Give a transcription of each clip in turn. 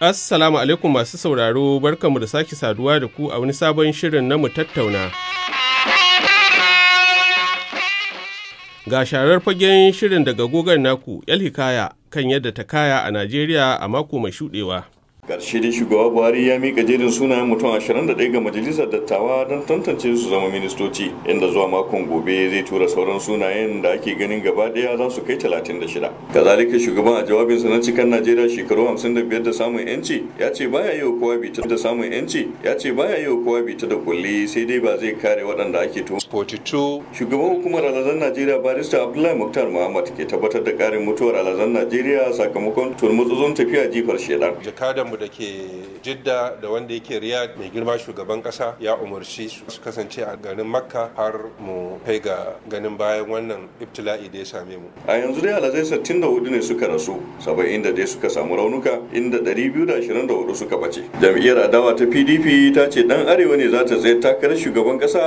Assalamu alaikum masu sauraro barkamu da sake saduwa da ku a wani sabon shirin na mu tattauna. Ga sharar fagen shirin daga gogon naku, 'yar Hikaya kan yadda ta kaya a Najeriya a mako mai shuɗewa. karshe dai shugaba buhari ya mika jerin sunayen mutum 21 ga majalisar dattawa don tantance su zama ministoci inda zuwa makon gobe zai tura sauran sunayen da ake ganin gaba daya za su kai 36 kazalika shugaban a jawabinsa na cikin najeriya shekaru 55 da samun yanci ya ce baya yi kowa bita da samun yanci ya ce baya yi kowa bita da kulli sai dai ba zai kare waɗanda ake tuhum 42 shugaban hukumar alazan najeriya barista abdullahi muktar muhammad ke tabbatar da karin mutuwar alazan najeriya sakamakon turmutsuzon tafiya jifar shedan da ke jidda da wanda yake riya mai girma shugaban kasa ya umarci su kasance a garin makka har mu kai ga ganin bayan wannan ibtila'i da ya same mu a yanzu dai alazai da hudu ne suka rasu da dai suka samu raunuka inda ɗari biyu da da ashirin hudu suka bace jam'iyyar adawa ta pdp ta ce dan arewa ne za ta tsaye takarar shugaban kasa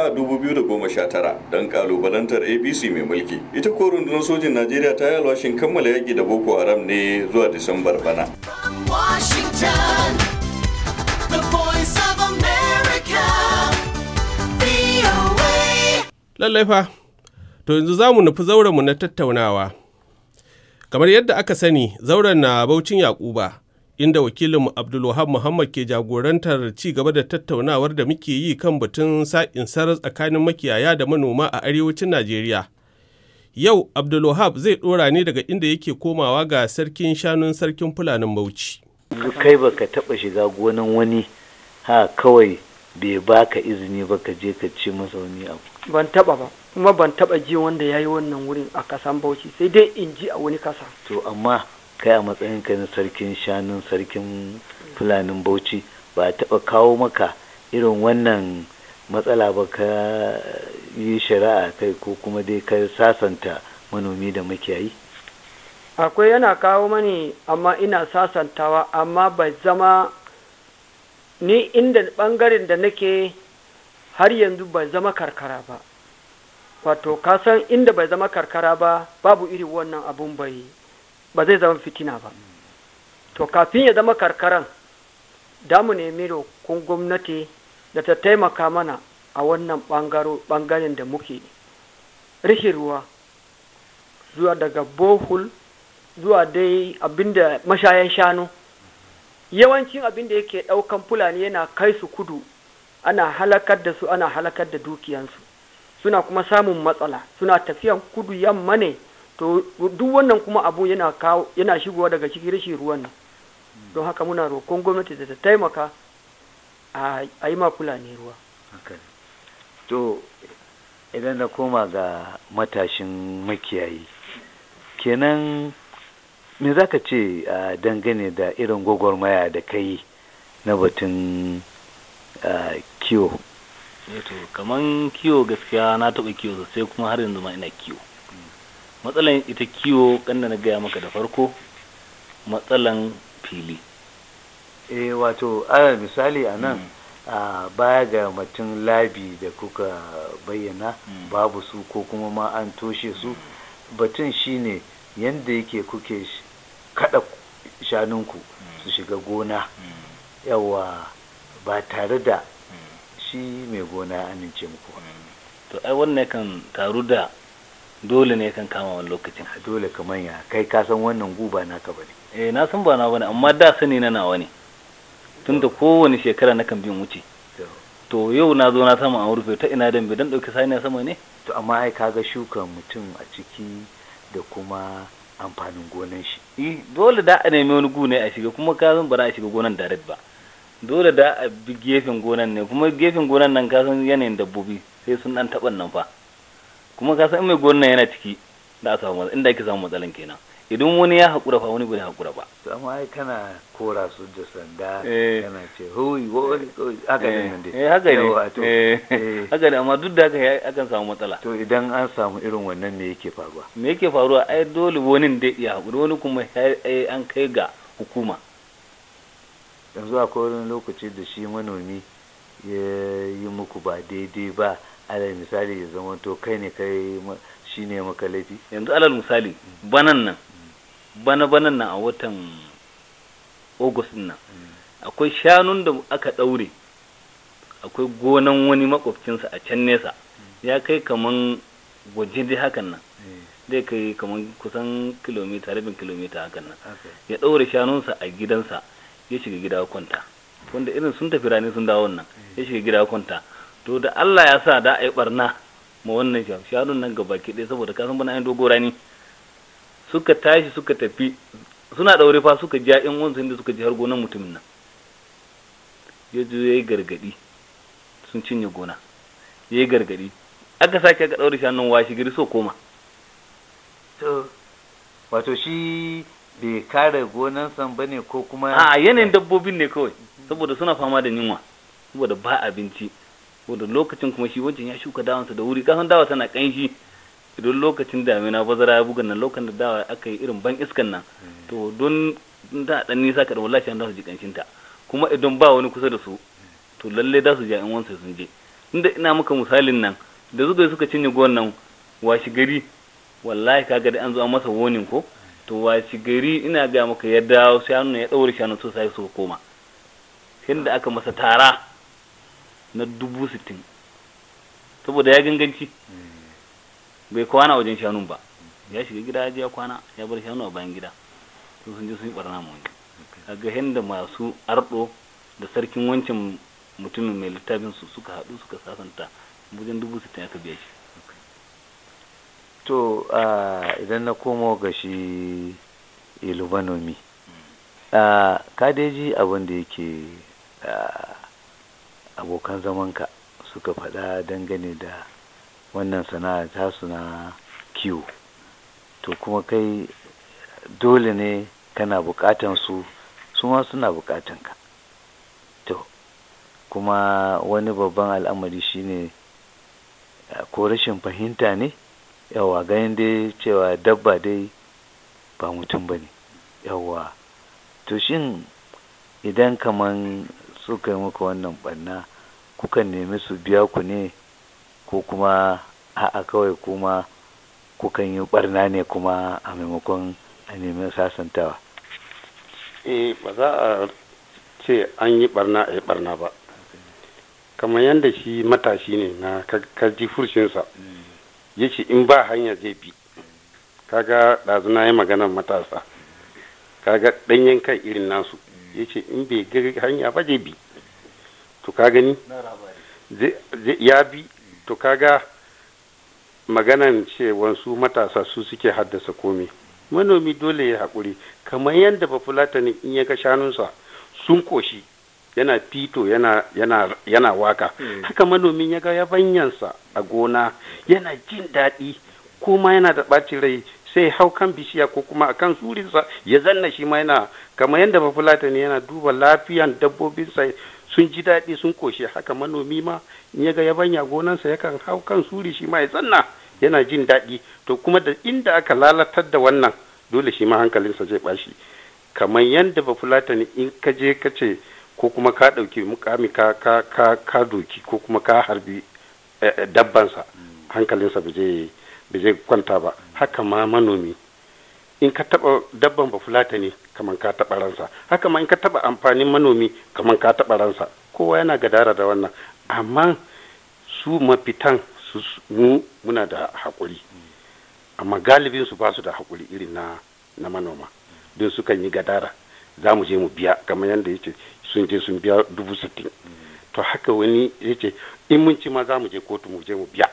tara, dan kalubalantar ABC mai mulki ita ko rundunar sojin najeriya ta yi alwashin kammala yaki da boko haram ne zuwa disambar bana. Washington, the voice of America, VOA. Lallai fa, to yanzu za mu nufi zaurenmu na tattaunawa. Kamar yadda aka sani, zauren na Baucin Yakuba, inda wakilinmu Abdulwahab Muhammad ke jagorantar ci gaba da tattaunawar da muke yi kan batun sa'in sarar tsakanin makiyaya da manoma a arewacin Najeriya. Yau Abdulwahab zai ɗora ne daga inda yake komawa ga sarkin shanun sarkin Fulanin Bauchi. Kai ba ka taba shiga gonan wani ha kawai bai baka izini ba ka je ka ce masa wani abu. Ban taɓa ba, kuma ban taɓa ji wanda ya yi wannan wurin a kasan Bauchi sai dai in ji a wani kasa. To amma kai a matsayin ka na sarkin shanun sarkin Fulanin Bauchi ba taɓa kawo maka irin wannan matsala ba ka yi shari'a kai ko kuma dai ka sasanta manomi da makiyayi akwai yana kawo mani amma ina sasantawa amma bai zama ni inda bangaren da nake har yanzu bai zama karkara ba wato kasan inda bai zama karkara ba babu iri wannan abun bai ba zai zama fitina ba to kafin ya zama karkaran damu nemi kun gwamnati da ta taimaka mana a wannan ɓangaren da muke rihirwa ruwa zuwa daga bohol zuwa dai abinda mashayan shanu yawancin abinda yake ɗaukan fulani yana kai su kudu ana halakar da su ana halakar da dukiyansu suna kuma samun matsala suna tafiyan kudu yamma ne to duk wannan kuma abu yana shigowa daga cikin rashin ruwan nan don haka muna roƙon gwamnati da ta taimaka a yi ma ne ruwa to idan na koma ga matashin makiyayi kenan me za ka ce a dangane da irin gwagwarmaya da kai na batun kiwo eh to kaman kiwo gaskiya na taɓa kiwo sosai kuma har yanzu ma ina kiwo matsalan ita kiwo ƙanda na gaya maka da farko matsalan fili eh wato ana misali a nan mm. a baya ga mutum labi da kuka bayyana mm. babu su ko kuma ma an toshe su mm. batun shine yadda yake kuke kada shanunku su shiga gona yawa ba tare da shi mai gona amince muku to ai wannan kan taru da dole ne kan kama wani lokacin dole kamar ya kai ka san wannan guba naka bane eh na san ba na bane amma da sani na nawa ne tunda kowane shekara na kan bin wuce to yau na zo na sama a rufe ta ina dambe dan dauki saniya sama ne to amma ai kaga shukan mutum a ciki da kuma amfanin gonan shi dole da a nemi wani gune a shiga kuma ka zan bara a shiga gonan da ba dole da a bi gefen gonan ne kuma gefen gonan nan ka san yanayin dabbobi sai sun dan taban nan fa kuma ka san mai gonan yana ciki da a samu inda ake samu matsalan kenan idan wani ya haƙura fa wani bai haƙura ba amma ai kana kora su da sanda eh. kana ce hoyi wani haka ne eh. nan dai eh, haka ne haka ne amma duk da haka akan samu matsala to idan an samu irin wannan me yake faruwa me yake faruwa ai dole wani dai ya haƙura wani kuma an kai ga hukuma yanzu akwai wani lokaci da shi manomi ya yi muku ba daidai ba alal misali ya zama to kai ne kai shi ne maka laifi yanzu alal misali banan nan bana banan nan a watan ogus nan akwai shanun da aka ɗaure akwai gonan wani makwabcinsa a can nesa ya kai kaman waje dai hakan nan eh. zai kai kaman kusan kilomita rabin kilomita hakan nan ya ɗaure shanunsa a gidansa ya shiga gida kwanta wanda irin sun tafi rani sun dawo nan eh. ya shiga gida kwanta to da Allah ya sa da a yi barna ma wannan shanun nan gaba ɗaya saboda kasan bana yin dogo rani suka tashi suka tafi suna ɗaure fa suka ja in wansu inda suka ji har gonan mutumin nan ya zo ya yi gargaɗi sun cinye gona ya yi gargaɗi aka sake aka ɗaure shanun washi gari so koma wato shi bai kare gonan san bane ko kuma a yanayin dabbobin ne kawai saboda suna fama da yunwa saboda ba abinci saboda lokacin kuma shi wancan ya shuka dawansa da wuri kasan dawa tana kanshi don lokacin damina bazara ya buga nan lokacin da dawa aka yi irin ban iskan nan to don da dan nisa ka da wallahi an su ji kancin ta kuma idan ba wani kusa da su to lalle da su ja in wansa sun je inda ina maka misalin nan da zuga suka cinye gon nan washi gari wallahi kaga da an zo an masa warning ko to washi gari ina ga maka ya dawo shanu ya daure shanu so sai su koma inda aka masa tara na dubu sittin saboda ya ganganci hmm. bai kwana wajen shanun ba ya shiga gida ya kwana ya bar shanu a bayan gida sun sun je sun yi barna mu wani kaga da masu arɗo da sarkin wancan mutumin mai littafin su suka haɗu suka sasanta wajen dubu sittin aka biya shi to idan na komo ga shi ilubanomi hmm. kadeji abin da yake abokan zamanka suka faɗa dangane da wannan sana'a ta na kiwo to kuma kai dole ne kana bukatan su su ma suna bukatan ka to kuma wani babban al'amari shine ko rashin fahimta ne yawa ganin dai cewa dabba dai ba mutum ba ne yawa to shin idan kaman suka yi muka wannan barna kukan nemi su biya ku ne ko kuma a'a kawai kuma kukan yi barna ne kuma a maimakon a neman sasantawa eh ba za a ce an yi barna a yi barna ba kamar yadda shi matashi ne na kaji furshinsa ya ce in ba hanya zai bi kaga ɗazuna ya magana matasa kaga ɗanyen kai irin nasu ya ce in bai ga hanya ba zai bi to ka gani ya bi to kaga maganan cewan su matasa su suke haddasa komi manomi dole ya hakuri kamar yadda bafulatanin in ya ga shanunsa sun koshi yana fito yana, waka hmm. haka manomin ya ga yabanyansa a gona yana jin daɗi kuma yana da ɓacin rai sai hau kan bishiya ko kuma a kan surinsa ya zanna shi ma yana kamar yadda bafulatani yana duba lafiyan dabbobinsa sun ji daɗi sun koshe haka manomi ma in ya ga yabanya gonansa yakan hau kan suri shi ma ya tsanna yana jin daɗi to kuma da inda aka lalatar da wannan dole shi ma hankalinsa zai bashi kamar yadda ba ne in ka je ka ce ko kuma ka ɗauki mukami ka ka ka ka doki ko kuma ka harbi eh, eh, dabbansa mm. hankalinsa ba zai kwanta ba mm. haka ma manomi in ka taba dabban bafulata ne kamar ka taba ransa haka ma in ka taba amfanin manomi kamar ka taba ransa kowa yana gadara da wannan amma su mafitan su mu muna da hakuri amma galibin su ba su da hakuri irin na na manoma don su kan yi gadara za mu je mu biya kamar yadda yace sun je sun biya dubu sittin to haka wani yace in mun ci ma za mu je kotu mu je mu biya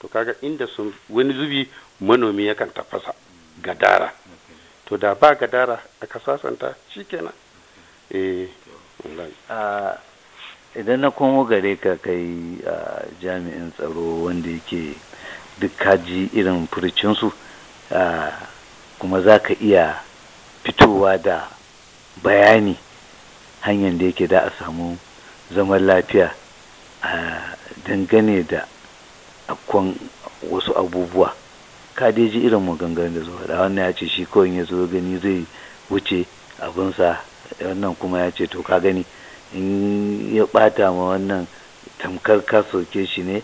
to kaga inda sun wani zubi manomi yakan tafasa gadara to da ba gadara aka sasanta shi kenan eh, idan na komo gare ka kai jami'in tsaro wanda yake duk kaji irin furcinsu kuma za ka iya fitowa da bayani hanyar da yake da a samu zaman lafiya a dangane da akwai wasu abubuwa ka dai ji irin maganganun da zuwa da wannan ya ce shi kawai ya zo gani zai wuce sa wannan kuma ya ce to ka gani in ya bata ma wannan tamkar ka soke shi ne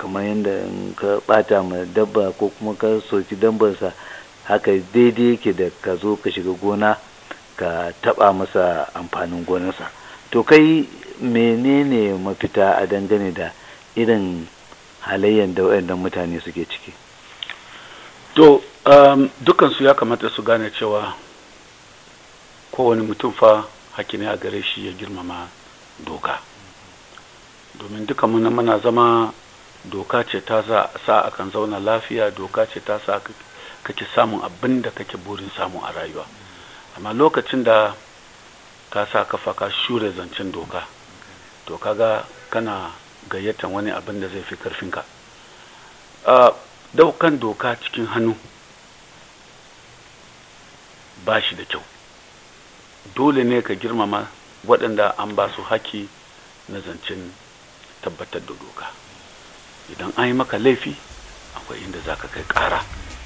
kamar yadda ka bata ma dabba ko kuma ka soki dambarsa haka daidai yake da ka zo ka shiga gona ka taba masa amfanin gonarsa to kai menene mafita a dangane da irin halayyar da waɗannan mutane suke ciki to um, dukansu ya kamata su gane cewa kowane mutum fa hakki ne a gare shi ya girmama doka domin duka muna mana zama doka ce ta sa kan zauna lafiya doka ce ta sa kake samun abin da kake burin samu a rayuwa amma lokacin da ka sa kafa ka shure zancen doka to kaga kana gayyatan wani abin da zai fi karfinka uh, daukan doka cikin hannu ba shi da kyau dole ne ka girmama waɗanda an ba su haƙƙi na zancen tabbatar da doka idan an yi maka laifi akwai inda za ka kai ƙara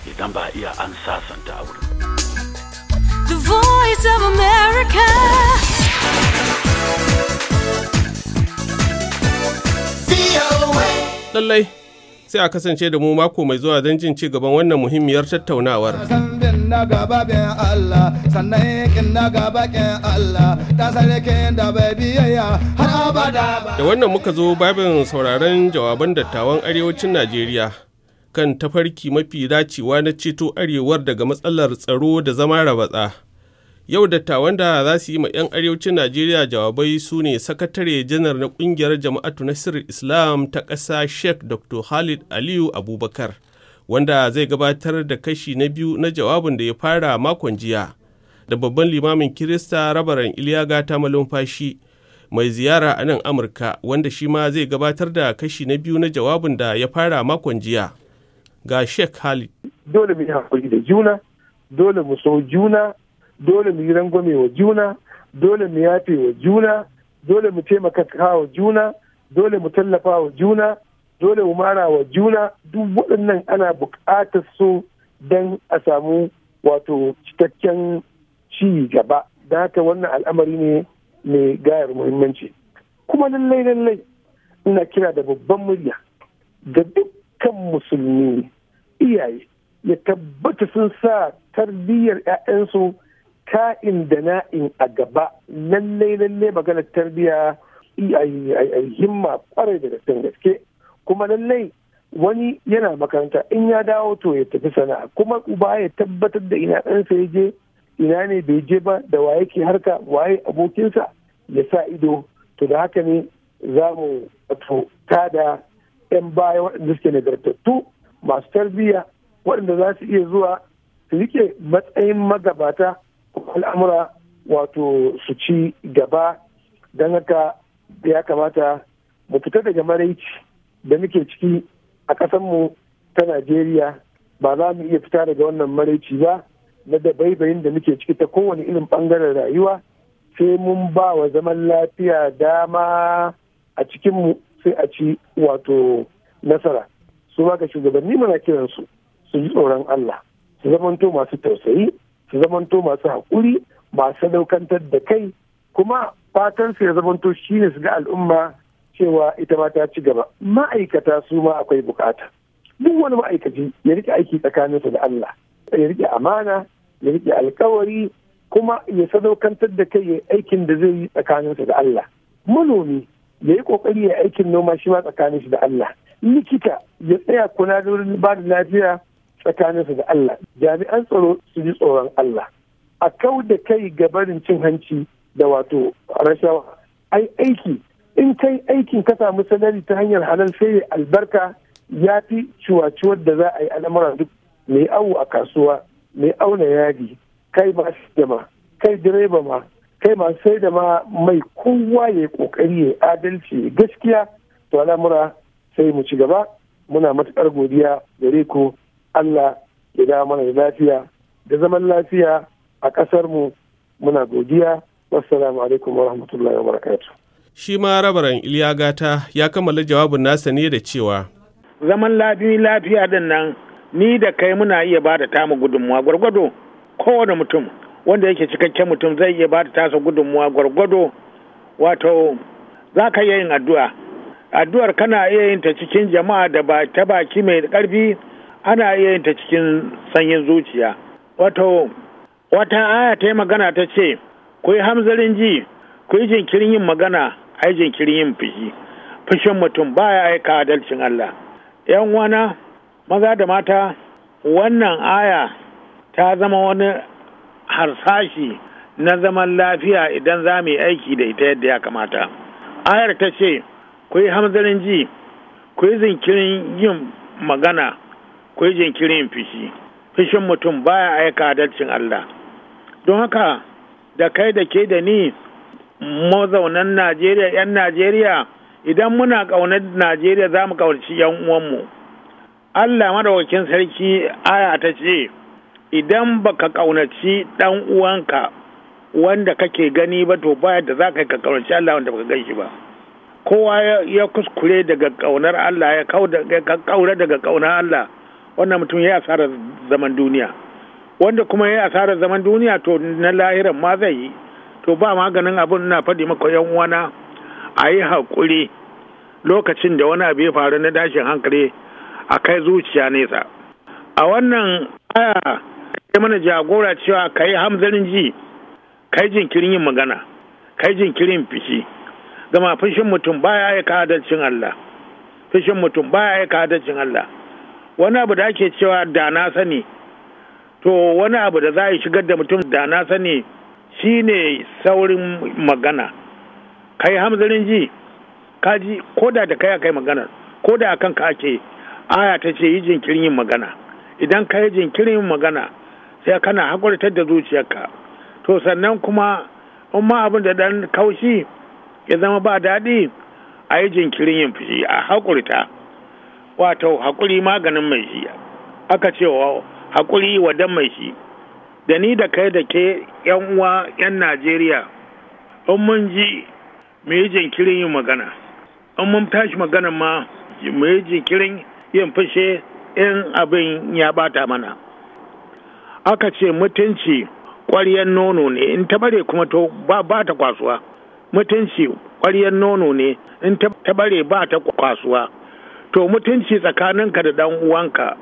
idan ba iya an sasanta a wurin Lallai sai a kasance da mu mako mai zuwa don jin ci gaban wannan muhimmiyar tattaunawar. Da wannan muka zo babin sauraron jawaban dattawan arewacin Najeriya kan tafarki mafi dacewa na ceto arewar daga matsalar tsaro da zama rabatsa. Yau dattawan da za su yi ma 'yan arewacin Najeriya jawabai su ne sakatare janar na kungiyar jama'atu na sirri Islam ta ƙasa Sheikh Dr. Khalid Aliyu Abubakar, wanda zai gabatar da kashi na biyu na jawabin da ya fara makon jiya, da babban limamin Kirista rabaran Iliyaga ta malumfashi mai ziyara a nan Amurka, wanda shi ma zai gabatar da kashi na biyu na jawabin da ya fara makon jiya. Ga Sheikh Khalid. Dole mu yi hakuri da juna, dole mu so juna, dole mu yi rangwame wa juna dole mu yafe wa juna dole mu taimaka wa juna dole mu tallafa wa juna dole mu mara wa juna duk waɗannan ana buƙatar su don a samu wato cikakken ci gaba da haka wannan al'amari ne mai gayar muhimmanci kuma lallai lallai ina kira da babban murya ga dukkan musulmi iyaye ya tabbata sun sa tarbiyyar 'ya'yansu ka'in da na'in a gaba lallai lallai maganar tarbiyya a himma kwarai da gaske gaske kuma lallai wani yana makaranta in ya dawo to ya tafi sana'a kuma uba ya tabbatar da ina ɗansa ya je ina ne bai je ba da waye ke harka waye abokinsa ya sa ido to da haka ne za mu wato tada 'yan baya waɗanda suke nagartattu masu tarbiyya waɗanda za su iya zuwa su rike matsayin magabata al'amura wato su ci gaba don haka ya kamata mu fita daga maraici da muke ciki a ƙasanmu ta najeriya ba za mu iya fita daga wannan maraici ba na dabaibayin da muke ciki ta kowane irin ɓangaren rayuwa sai mun ba wa zaman lafiya dama a cikinmu sai a ci wato nasara su ga shugabanni mana kiransu su ji tsoron allah su zamanto masu tausayi su zamanto masu haƙuri masu daukantar da kai kuma fatan su ya zamanto shi ne su ga al'umma cewa ita ma ta ci gaba ma'aikata su ma akwai bukata duk wani ma'aikaci ya rike aiki tsakaninsa da Allah ya rike amana ya rike alkawari kuma ya sadaukantar da kai ya aikin da zai yi tsakaninsa da Allah manomi ya yi kokari ya aikin noma shi ma tsakaninsa da Allah likita ya tsaya kuna da ba da lafiya tsakaninsu da Allah jami'an tsaro su ji tsoron Allah a kau da kai ga barin cin hanci da wato rashawa ai aiki in kai aikin ka samu sanari ta hanyar halal sai albarka ya fi ciwaciwar da za a yi al'amura duk mai awo a kasuwa mai auna yadi kai masu jama kai direba ma kai masu sai da ma mai kowa ya kokari ya adalci gaskiya to al'amura sai mu ci gaba muna matukar godiya gare ku Allah ya dawo mana lafiya da zaman lafiya a ƙasar mu muna godiya wassalamu alaikum wa rahmatullahi wa barakatuh shi ma rabaran iliya gata ya kammala jawabin nasa ne da cewa zaman lafiya lafiya din nan ni da kai muna iya ba da tamu gudunmuwa gwargwado kowane mutum wanda yake cikakken mutum zai iya ba da tasa gudunmuwa gwargwado wato za ka iya yin addu'a addu'ar kana iya yin ta cikin jama'a da ba ta baki mai ƙarfi ana iya yin ta cikin sanyin zuciya wato wata aya ta yi magana ta ce ku yi hamzarin ji ku yi jinkirin yin magana a yi jinkirin yin fushi fushin mutum ba ya aika adalcin Allah yan wana maza da mata wannan aya ta zama wani harsashi na zaman lafiya idan za mu yi aiki da ita yadda ya kamata ayar ta ce ku yi hamzarin ji ku yi jinkirin yin magana ku jinkirin fishi fishin mutum baya aika adalcin Allah don haka da kai da ke da ni mazaunan Najeriya 'yan Najeriya idan muna ƙaunar Najeriya za mu ƙaunci 'yan uwanmu Allah madawakin sarki aya ta ce idan baka ƙaunaci ɗan uwanka wanda kake gani ba to baya da za ka ka ƙaunaci Allah wanda baka gan shi ba kowa ya kuskure daga ƙaunar Allah ya kaura daga ƙaunar Allah wannan mutum ya yi asarar zaman duniya wanda kuma ya yi asarar zaman duniya to na lahiran ma zai yi to ba maganin abin na faɗi maka yan wana a yi haƙuri lokacin da wani abu ya faru na dashin hankali a kai zuciya nesa a wannan aya kai mana jagora cewa ka yi hamzarin ji kai jinkirin yin magana kai jinkirin fishi gama fushin mutum baya ya adalcin Allah fishin mutum baya ya adalcin Allah wani abu da ake cewa da na sani to wani abu da za a shigar da mutum da na sani shine saurin magana kai hamzarin ji kaji ko da da kai kai magana ko da kan ka ake aya ta ce yi jinkirin yin magana idan ka yi jinkirin yin magana sai kana hakurtar da zuciyarka to sannan kuma in ma abin da dan kaushi ya zama ba daɗi a yi jinkirin yin fushi a hakurta wato haƙuri maganin mai shi aka cewa haƙuri dan mai shi da ni da kai da ke yan uwa yan najeriya in mun ji mu yi jinkirin yin magana in mun tashi magana ma mu yi jinkirin yin fushe in abin ya bata mana aka ce mutunci ƙwaryen nono ne in ta bare kuma to ba ta kwasuwa mutunci ƙwaryen nono ne in ta bare ba ta kwasuwa to mutunci tsakaninka da dan uwanka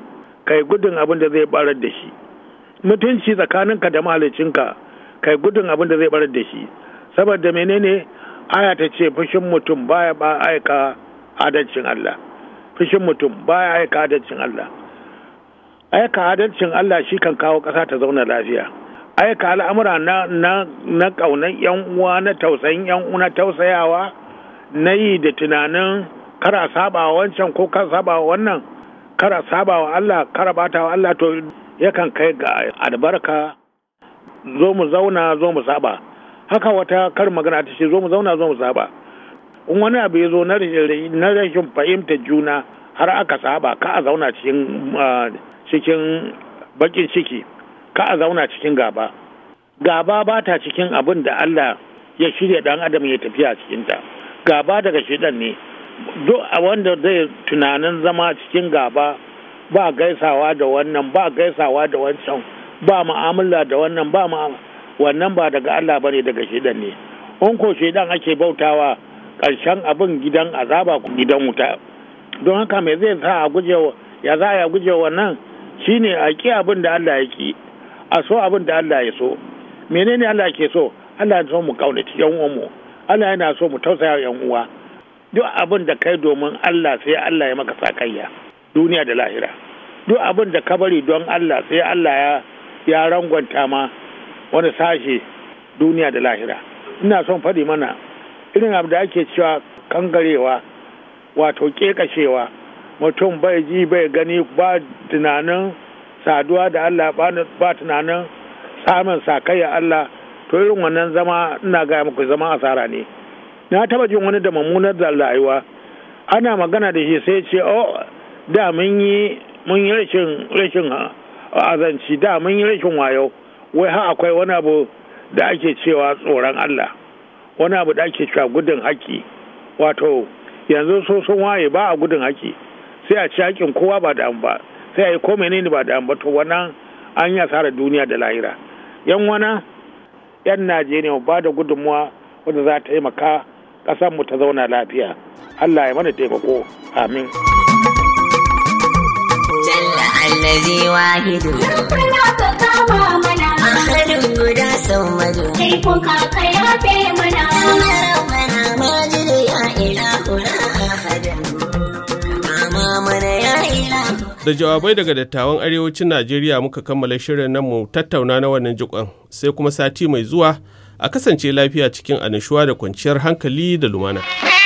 kai gudun abin da zai barar da shi mutunci tsakaninka da mahalicinka kai gudun abin da zai barar da shi saboda menene aya ta ce fushin mutum baya ba aika adalcin Allah fushin mutum baya aika adalcin Allah aika adalcin Allah shi kan kawo ƙasa ta zauna lafiya aika al'amura na na na ƙaunar yan uwa na tausayin yan uwa na tausayawa na yi da tunanin kara saba wa wancan ko kar saba wa wannan kara saba wa Allah kara bata wa Allah to yakan kai ga albarka zo mu zauna zo mu saba haka wata kar magana ta ce zo mu zauna zo mu saba in wani abu ya zo na rashin fahimta juna har aka saba ka a zauna cikin ah, cikin bakin ciki ka a zauna cikin gaba gaba ba ta cikin abin da Allah ya shirya dan adam ya tafiya cikinta gaba daga shidan ne duk a wanda zai tunanin zama cikin gaba ba gaisawa da wannan ba gaisawa da wancan ba mu'amala da wannan ba wannan ba daga Allah bane daga shidan ne in ko shidan ake bautawa ƙarshen abin gidan azaba gidan wuta don haka me zai sa a guje ya za a guje wannan shine a ki abin da Allah ya a so abin da Allah ya so menene Allah ke so Allah ya so mu kaunaci yan uwanmu Allah yana so mu tausaya yan uwa duk abin da kai domin Allah sai Allah ya maka sakayya duniya da lahira duk abin da ka bari don Allah sai Allah ya ya rangwanta ma wani sashe duniya da lahira ina son faɗi mana irin abu da ake cewa kangarewa wato kekashewa mutum bai ji bai gani ba tunanin saduwa da Allah ba tunanin samun sakayya Allah to irin wannan zama ina gaya muku zama asara ne na taba jin wani da mummunar da rayuwa ana magana da shi sai ce oh da mun yi mun yi rashin rashin ah, azanci da mun yi rashin wayo wai ha akwai wani abu da ake cewa tsoron Allah wani abu da ake cewa gudun haƙi wato yanzu so sun waye ba a gudun haƙi sai a ci haƙin kowa ba da ba sai a yi ko menene ba da ba to wannan an yi asarar duniya da lahira yan wana yan najeriya ba da gudunmuwa wanda za ta taimaka ƙasar mu ta zauna lafiya Allah ya mana taimako amin mana Da jawabai daga dattawan arewacin Najeriya muka kammala shirin nan mu tattauna na wannan jikon sai kuma sati mai zuwa A kasance lafiya cikin anishuwa da kwanciyar hankali da lumana.